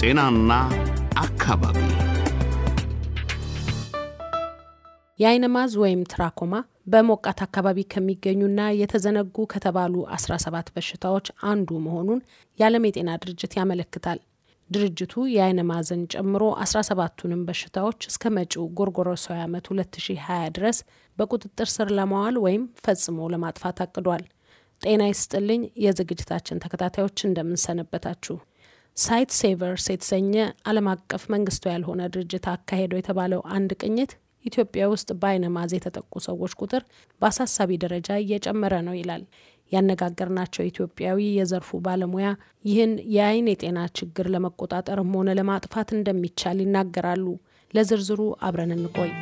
ጤናና አካባቢ የአይነማዝ ወይም ትራኮማ በሞቃት አካባቢ ከሚገኙና የተዘነጉ ከተባሉ 17 በሽታዎች አንዱ መሆኑን የዓለም የጤና ድርጅት ያመለክታል። ድርጅቱ የአይነማዝን ጨምሮ 17ቱንም በሽታዎች እስከ መጪው ጎርጎሮሳዊ ዓመት 2020 ድረስ በቁጥጥር ስር ለማዋል ወይም ፈጽሞ ለማጥፋት አቅዷል። ጤና ይስጥልኝ የዝግጅታችን ተከታታዮች እንደምንሰነበታችሁ። ሳይት ሴቨርስ የተሰኘ አለም አቀፍ መንግስቱ ያልሆነ ድርጅት አካሄደው የተባለው አንድ ቅኝት ኢትዮጵያ ውስጥ በአይነ ማዝ የተጠቁ ሰዎች ቁጥር በአሳሳቢ ደረጃ እየጨመረ ነው ይላል። ያነጋገርናቸው ኢትዮጵያዊ የዘርፉ ባለሙያ ይህን የአይን የጤና ችግር ለመቆጣጠርም ሆነ ለማጥፋት እንደሚቻል ይናገራሉ። ለዝርዝሩ አብረን እንቆይ።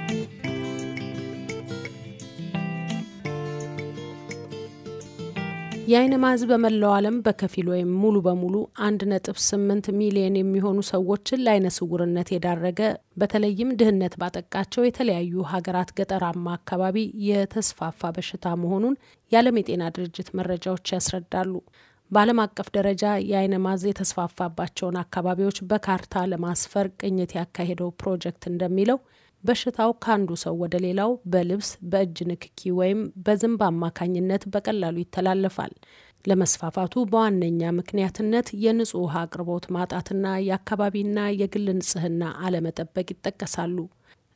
የአይነ ማዝ በመላው ዓለም በከፊል ወይም ሙሉ በሙሉ አንድ ነጥብ ስምንት ሚሊየን የሚሆኑ ሰዎችን ለአይነ ስውርነት የዳረገ በተለይም ድህነት ባጠቃቸው የተለያዩ ሀገራት ገጠራማ አካባቢ የተስፋፋ በሽታ መሆኑን የዓለም የጤና ድርጅት መረጃዎች ያስረዳሉ። በዓለም አቀፍ ደረጃ የአይነ ማዝ የተስፋፋባቸውን አካባቢዎች በካርታ ለማስፈር ቅኝት ያካሄደው ፕሮጀክት እንደሚለው በሽታው ከአንዱ ሰው ወደ ሌላው በልብስ፣ በእጅ ንክኪ ወይም በዝንብ አማካኝነት በቀላሉ ይተላለፋል። ለመስፋፋቱ በዋነኛ ምክንያትነት የንጹህ ውሃ አቅርቦት ማጣትና የአካባቢና የግል ንጽህና አለመጠበቅ ይጠቀሳሉ።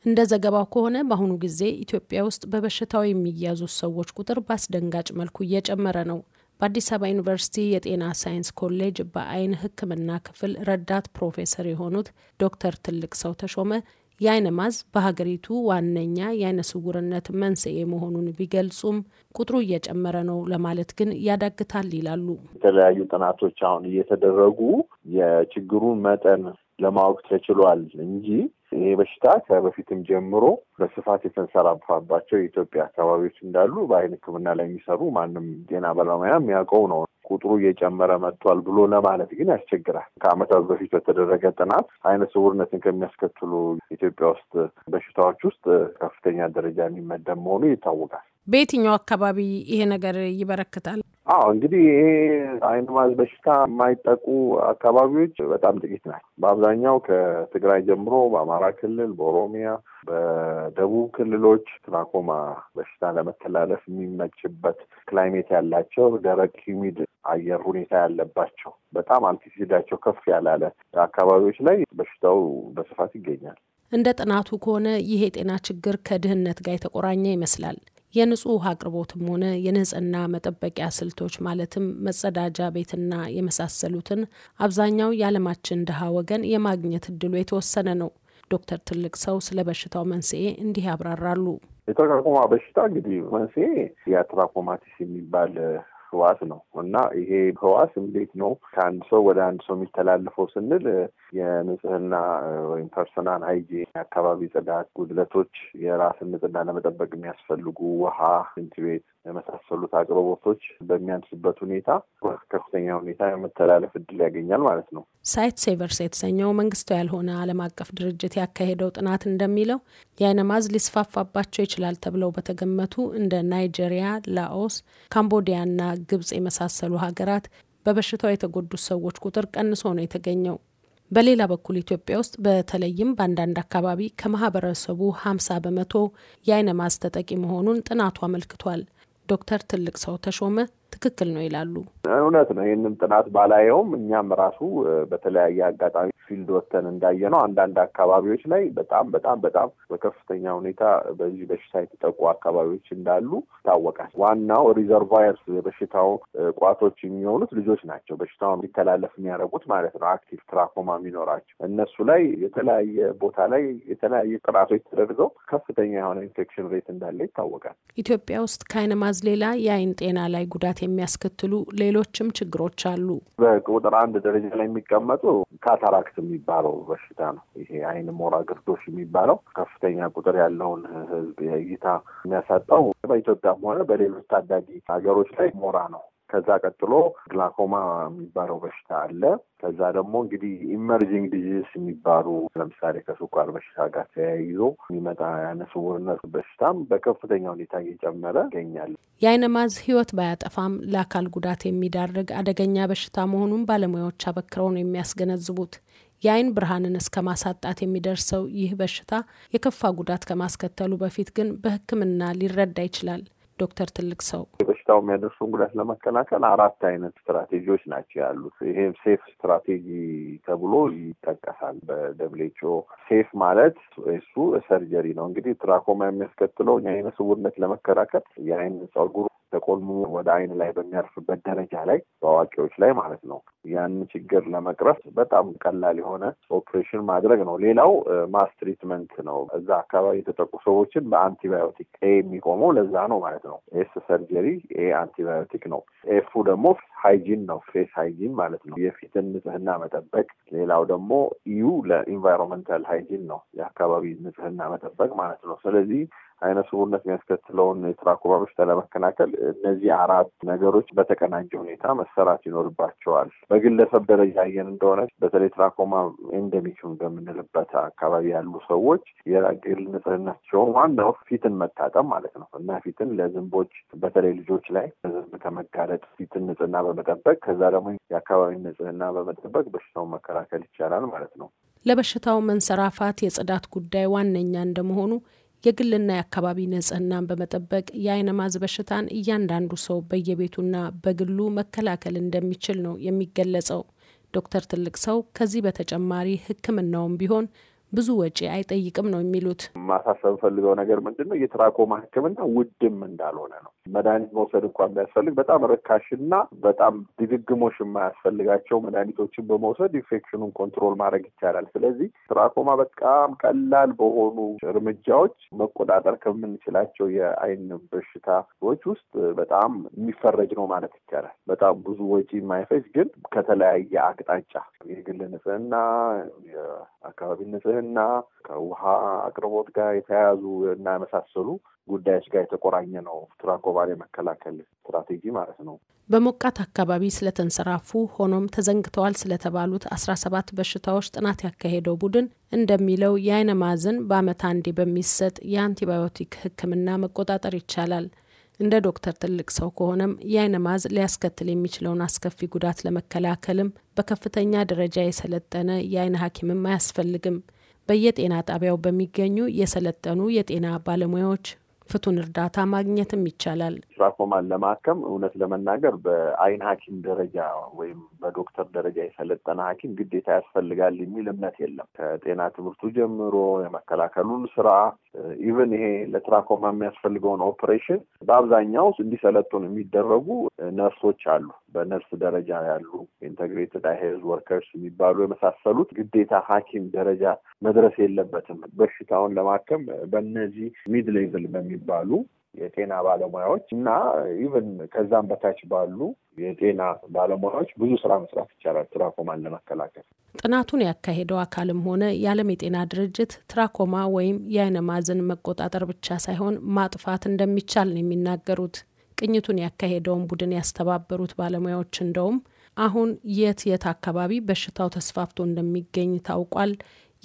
እንደ ዘገባው ከሆነ በአሁኑ ጊዜ ኢትዮጵያ ውስጥ በበሽታው የሚያዙ ሰዎች ቁጥር በአስደንጋጭ መልኩ እየጨመረ ነው። በአዲስ አበባ ዩኒቨርሲቲ የጤና ሳይንስ ኮሌጅ በአይን ሕክምና ክፍል ረዳት ፕሮፌሰር የሆኑት ዶክተር ትልቅ ሰው ተሾመ የአይነ ማዝ በሀገሪቱ ዋነኛ የአይነ ስውርነት መንስኤ መሆኑን ቢገልጹም ቁጥሩ እየጨመረ ነው ለማለት ግን ያዳግታል ይላሉ። የተለያዩ ጥናቶች አሁን እየተደረጉ የችግሩን መጠን ለማወቅ ተችሏል እንጂ ይሄ በሽታ ከበፊትም ጀምሮ በስፋት የተንሰራፋባቸው የኢትዮጵያ አካባቢዎች እንዳሉ በአይን ሕክምና ላይ የሚሰሩ ማንም ጤና ባለሙያ የሚያውቀው ነው። ቁጥሩ እየጨመረ መጥቷል ብሎ ለማለት ግን ያስቸግራል። ከዓመታት በፊት በተደረገ ጥናት አይነ ስውርነትን ከሚያስከትሉ ኢትዮጵያ ውስጥ በሽታዎች ውስጥ ከፍተኛ ደረጃ የሚመደብ መሆኑ ይታወቃል። በየትኛው አካባቢ ይሄ ነገር ይበረክታል? አዎ እንግዲህ ይሄ አይን ማዝ በሽታ የማይጠቁ አካባቢዎች በጣም ጥቂት ናቸው። በአብዛኛው ከትግራይ ጀምሮ በአማራ ክልል፣ በኦሮሚያ፣ በደቡብ ክልሎች ትራኮማ በሽታ ለመተላለፍ የሚመችበት ክላይሜት ያላቸው ደረቅ ሂሚድ አየር ሁኔታ ያለባቸው በጣም አልቲሲዳቸው ከፍ ያላለ አካባቢዎች ላይ በሽታው በስፋት ይገኛል። እንደ ጥናቱ ከሆነ ይህ የጤና ችግር ከድህነት ጋር የተቆራኘ ይመስላል። የንጹህ ውሃ አቅርቦትም ሆነ የንጽህና መጠበቂያ ስልቶች ማለትም መጸዳጃ ቤትና የመሳሰሉትን አብዛኛው የዓለማችን ድሀ ወገን የማግኘት እድሉ የተወሰነ ነው። ዶክተር ትልቅ ሰው ስለ በሽታው መንስኤ እንዲህ ያብራራሉ። የትራኮማ በሽታ እንግዲህ መንስኤ የትራኮማቲስ የሚባል ህዋስ ነው እና ይሄ ህዋስ እንዴት ነው ከአንድ ሰው ወደ አንድ ሰው የሚተላለፈው ስንል የንጽህና ወይም ፐርሶናል ሃይጂን፣ የአካባቢ ጽዳት ጉድለቶች፣ የራስን ንጽህና ለመጠበቅ የሚያስፈልጉ ውሃ፣ ሽንት ቤት የመሳሰሉት አቅርቦቶች በሚያንስበት ሁኔታ ከፍተኛ ሁኔታ የመተላለፍ እድል ያገኛል ማለት ነው። ሳይት ሴቨርስ የተሰኘው መንግስታዊ ያልሆነ ዓለም አቀፍ ድርጅት ያካሄደው ጥናት እንደሚለው የአይነማዝ ሊስፋፋባቸው ይችላል ተብለው በተገመቱ እንደ ናይጄሪያ፣ ላኦስ፣ ካምቦዲያና ግብጽ የመሳሰሉ ሀገራት በበሽታው የተጎዱ ሰዎች ቁጥር ቀንሶ ነው የተገኘው። በሌላ በኩል ኢትዮጵያ ውስጥ በተለይም በአንዳንድ አካባቢ ከማህበረሰቡ 50 በመቶ የአይነ ማዝ ተጠቂ መሆኑን ጥናቱ አመልክቷል። ዶክተር ትልቅ ሰው ተሾመ ትክክል ነው ይላሉ። እውነት ነው። ይህንም ጥናት ባላየውም እኛም ራሱ በተለያየ አጋጣሚ ፊልድ ወተን እንዳየ ነው አንዳንድ አካባቢዎች ላይ በጣም በጣም በጣም በከፍተኛ ሁኔታ በዚህ በሽታ የተጠቁ አካባቢዎች እንዳሉ ይታወቃል። ዋናው ሪዘርቫየርስ የበሽታው ቋቶች የሚሆኑት ልጆች ናቸው። በሽታው እንዲተላለፍ የሚያደርጉት ማለት ነው። አክቲቭ ትራኮማ የሚኖራቸው እነሱ ላይ የተለያየ ቦታ ላይ የተለያየ ጥናቶች ተደርገው ከፍተኛ የሆነ ኢንፌክሽን ሬት እንዳለ ይታወቃል። ኢትዮጵያ ውስጥ ከአይነ ማዝ ሌላ የአይን ጤና ላይ ጉዳት የሚያስከትሉ ሌሎችም ችግሮች አሉ። በቁጥር አንድ ደረጃ ላይ የሚቀመጡ ካታራክት የሚባለው በሽታ ነው። ይሄ አይን ሞራ ግርዶሽ የሚባለው ከፍተኛ ቁጥር ያለውን ህዝብ እይታ የሚያሳጣው በኢትዮጵያም ሆነ በሌሎች ታዳጊ ሀገሮች ላይ ሞራ ነው። ከዛ ቀጥሎ ግላኮማ የሚባለው በሽታ አለ። ከዛ ደግሞ እንግዲህ ኢመርጂንግ ዲዚዝ የሚባሉ ለምሳሌ ከስኳር በሽታ ጋር ተያይዞ የሚመጣ የዓይነ ስውርነት በሽታም በከፍተኛ ሁኔታ እየጨመረ ይገኛል። ማዝ ሕይወት ባያጠፋም ለአካል ጉዳት የሚዳርግ አደገኛ በሽታ መሆኑን ባለሙያዎች አበክረው ነው የሚያስገነዝቡት። የአይን ብርሃንን እስከ ማሳጣት የሚደርሰው ይህ በሽታ የከፋ ጉዳት ከማስከተሉ በፊት ግን በሕክምና ሊረዳ ይችላል። ዶክተር ትልቅ ሰው በሽታው የሚያደርሰውን ጉዳት ለመከላከል አራት አይነት ስትራቴጂዎች ናቸው ያሉት። ይሄም ሴፍ ስትራቴጂ ተብሎ ይጠቀሳል በደብሌችኦ። ሴፍ ማለት እሱ ሰርጀሪ ነው። እንግዲህ ትራኮማ የሚያስከትለውን የአይነ ስውርነት ለመከላከል የአይን ጸጉሩ ተቆልሙ ወደ አይን ላይ በሚያርፍበት ደረጃ ላይ በአዋቂዎች ላይ ማለት ነው። ያን ችግር ለመቅረፍ በጣም ቀላል የሆነ ኦፕሬሽን ማድረግ ነው። ሌላው ማስ ትሪትመንት ነው። እዛ አካባቢ የተጠቁ ሰዎችን በአንቲባዮቲክ ኤ የሚቆመው ለዛ ነው ማለት ነው። ኤስ ሰርጀሪ፣ ኤ አንቲባዮቲክ ነው። ኤፉ ደግሞ ሃይጂን ነው። ፌስ ሃይጂን ማለት ነው፣ የፊትን ንጽህና መጠበቅ። ሌላው ደግሞ ዩ ለኢንቫይሮንመንታል ሃይጂን ነው፣ የአካባቢ ንጽህና መጠበቅ ማለት ነው። ስለዚህ አይነ ስውርነት የሚያስከትለውን የትራኮማ በሽታ ለመከላከል እነዚህ አራት ነገሮች በተቀናጀ ሁኔታ መሰራት ይኖርባቸዋል። በግለሰብ ደረጃ አየን እንደሆነ በተለይ ትራኮማ ኤንደሚክም በምንልበት አካባቢ ያሉ ሰዎች የግል ንጽህናቸውን ዋናው ፊትን መታጠብ ማለት ነው እና ፊትን ለዝንቦች በተለይ ልጆች ላይ ዝንብ ከመጋለጥ ፊትን ንጽህና በመጠበቅ ከዛ ደግሞ የአካባቢ ንጽህና በመጠበቅ በሽታውን መከላከል ይቻላል ማለት ነው። ለበሽታው መንሰራፋት የጽዳት ጉዳይ ዋነኛ እንደመሆኑ የግልና የአካባቢ ንጽህናን በመጠበቅ የአይነ ማዝ በሽታን እያንዳንዱ ሰው በየቤቱና በግሉ መከላከል እንደሚችል ነው የሚገለጸው። ዶክተር ትልቅ ሰው ከዚህ በተጨማሪ ሕክምናውም ቢሆን ብዙ ወጪ አይጠይቅም ነው የሚሉት። ማሳሰብ ፈልገው ነገር ምንድን ነው የትራኮማ ሕክምና ውድም እንዳልሆነ ነው። መድኃኒት መውሰድ እንኳን ቢያስፈልግ በጣም ርካሽና በጣም ድግግሞሽ የማያስፈልጋቸው መድኃኒቶችን በመውሰድ ኢንፌክሽኑን ኮንትሮል ማድረግ ይቻላል። ስለዚህ ትራኮማ በጣም ቀላል በሆኑ እርምጃዎች መቆጣጠር ከምንችላቸው የአይን በሽታዎች ውስጥ በጣም የሚፈረጅ ነው ማለት ይቻላል። በጣም ብዙ ወጪ የማይፈጅ ግን ከተለያየ አቅጣጫ የግል ንጽህና፣ የአካባቢ ንጽህና ከንግድና ከውሃ አቅርቦት ጋር የተያያዙ እና የመሳሰሉ ጉዳዮች ጋር የተቆራኘ ነው ትራክ የመከላከል ስትራቴጂ ማለት ነው። በሞቃት አካባቢ ስለተንሰራፉ ሆኖም ተዘንግተዋል ስለተባሉት አስራ ሰባት በሽታዎች ጥናት ያካሄደው ቡድን እንደሚለው የአይነ ማዝን በአመት አንዴ በሚሰጥ የአንቲባዮቲክ ሕክምና መቆጣጠር ይቻላል። እንደ ዶክተር ትልቅ ሰው ከሆነም የአይነ ማዝ ሊያስከትል የሚችለውን አስከፊ ጉዳት ለመከላከልም በከፍተኛ ደረጃ የሰለጠነ የአይነ ሐኪምም አያስፈልግም። በየጤና ጣቢያው በሚገኙ የሰለጠኑ የጤና ባለሙያዎች ፍቱን እርዳታ ማግኘትም ይቻላል። ትራኮማን ለማከም እውነት ለመናገር በአይን ሐኪም ደረጃ ወይም በዶክተር ደረጃ የሰለጠነ ሐኪም ግዴታ ያስፈልጋል የሚል እምነት የለም። ከጤና ትምህርቱ ጀምሮ የመከላከሉን ስራ ኢቨን ይሄ ለትራኮማ የሚያስፈልገውን ኦፕሬሽን በአብዛኛው እንዲሰለጡን የሚደረጉ ነርሶች አሉ። በነርስ ደረጃ ያሉ ኢንተግሬትድ አይ ሄልዝ ወርከርስ የሚባሉ የመሳሰሉት ግዴታ ሐኪም ደረጃ መድረስ የለበትም። በሽታውን ለማከም በእነዚህ ሚድ ሌቭል በሚባሉ የጤና ባለሙያዎች እና ኢቨን ከዛም በታች ባሉ የጤና ባለሙያዎች ብዙ ስራ መስራት ይቻላል። ትራኮማን ለመከላከል ጥናቱን ያካሄደው አካልም ሆነ የዓለም የጤና ድርጅት ትራኮማ ወይም የአይነ ማዘን መቆጣጠር ብቻ ሳይሆን ማጥፋት እንደሚቻል ነው የሚናገሩት። ቅኝቱን ያካሄደውን ቡድን ያስተባበሩት ባለሙያዎች እንደውም አሁን የት የት አካባቢ በሽታው ተስፋፍቶ እንደሚገኝ ታውቋል፣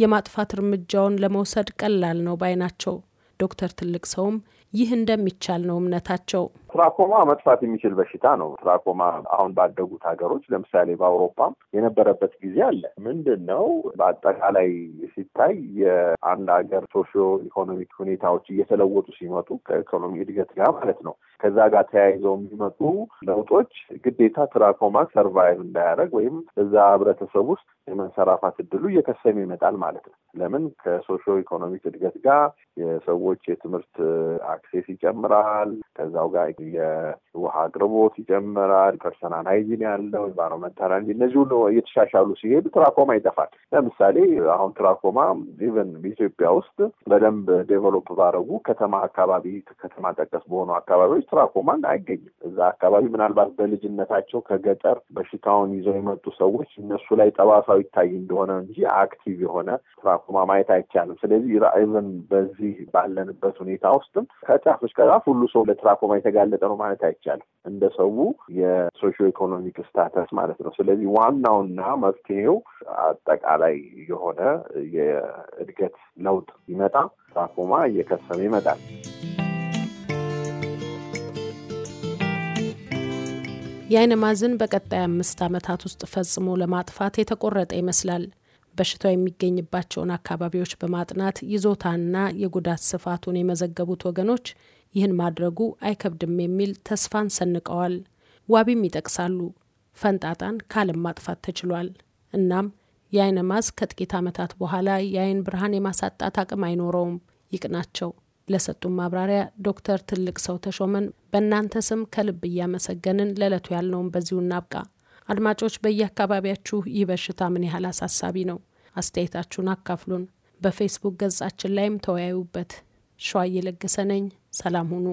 የማጥፋት እርምጃውን ለመውሰድ ቀላል ነው ባይ ናቸው። ዶክተር ትልቅ ሰውም ይህ እንደሚቻል ነው እምነታቸው። ትራኮማ መጥፋት የሚችል በሽታ ነው። ትራኮማ አሁን ባደጉት ሀገሮች ለምሳሌ በአውሮፓም የነበረበት ጊዜ አለ። ምንድን ነው በአጠቃላይ ሲታይ የአንድ ሀገር ሶሽዮ ኢኮኖሚክ ሁኔታዎች እየተለወጡ ሲመጡ ከኢኮኖሚ እድገት ጋር ማለት ነው። ከዛ ጋር ተያይዘው የሚመጡ ለውጦች ግዴታ ትራኮማ ሰርቫይቭ እንዳያደርግ ወይም እዛ ህብረተሰብ ውስጥ የመንሰራፋት እድሉ እየከሰም ይመጣል ማለት ነው። ለምን ከሶሽዮ ኢኮኖሚክ እድገት ጋር የሰዎች የትምህርት አክሴስ ይጨምራል። ከዛው ጋር የውሃ አቅርቦት ይጨምራል። ፐርሰናል ሃይጂን ያለው ኢንቫይሮመንታል አንድ እነዚህ ሁሉ እየተሻሻሉ ሲሄዱ ትራኮማ ይጠፋል። ለምሳሌ አሁን ትራኮማ ኢቨን ኢትዮጵያ ውስጥ በደንብ ዴቨሎፕ ባረጉ ከተማ አካባቢ ከተማ ጠቀስ በሆኑ አካባቢዎች ትራኮማን አይገኝም። እዛ አካባቢ ምናልባት በልጅነታቸው ከገጠር በሽታውን ይዘው የመጡ ሰዎች እነሱ ላይ ጠባሳው ይታይ እንደሆነ እንጂ አክቲቭ የሆነ ትራኮማ ማየት አይቻልም። ስለዚህ ኢቨን በዚህ ባለንበት ሁኔታ ውስጥም ከጫፍ እስከ ጫፍ ሁሉ ሰው ለትራኮማ የተጋለ የበለጠ ነው ማለት አይቻልም። እንደ ሰው የሶሾ ኢኮኖሚክ ስታተስ ማለት ነው። ስለዚህ ዋናውና መፍትሄው አጠቃላይ የሆነ የእድገት ለውጥ ይመጣ ትራኮማ እየከሰመ ይመጣል። የአይነ ማዝን በቀጣይ አምስት ዓመታት ውስጥ ፈጽሞ ለማጥፋት የተቆረጠ ይመስላል። በሽታው የሚገኝባቸውን አካባቢዎች በማጥናት ይዞታና የጉዳት ስፋቱን የመዘገቡት ወገኖች ይህን ማድረጉ አይከብድም የሚል ተስፋን ሰንቀዋል። ዋቢም ይጠቅሳሉ። ፈንጣጣን ካለም ማጥፋት ተችሏል። እናም የአይነ ማዝ ከጥቂት ዓመታት በኋላ የአይን ብርሃን የማሳጣት አቅም አይኖረውም። ይቅናቸው። ለሰጡን ማብራሪያ ዶክተር ትልቅ ሰው ተሾመን በእናንተ ስም ከልብ እያመሰገንን ለዕለቱ ያልነውን በዚሁ እናብቃ። አድማጮች በየአካባቢያችሁ ይህ በሽታ ምን ያህል አሳሳቢ ነው? አስተያየታችሁን አካፍሉን። በፌስቡክ ገጻችን ላይም ተወያዩበት። ሸዋ እየለገሰ ነኝ። ሰላም ሁኑ።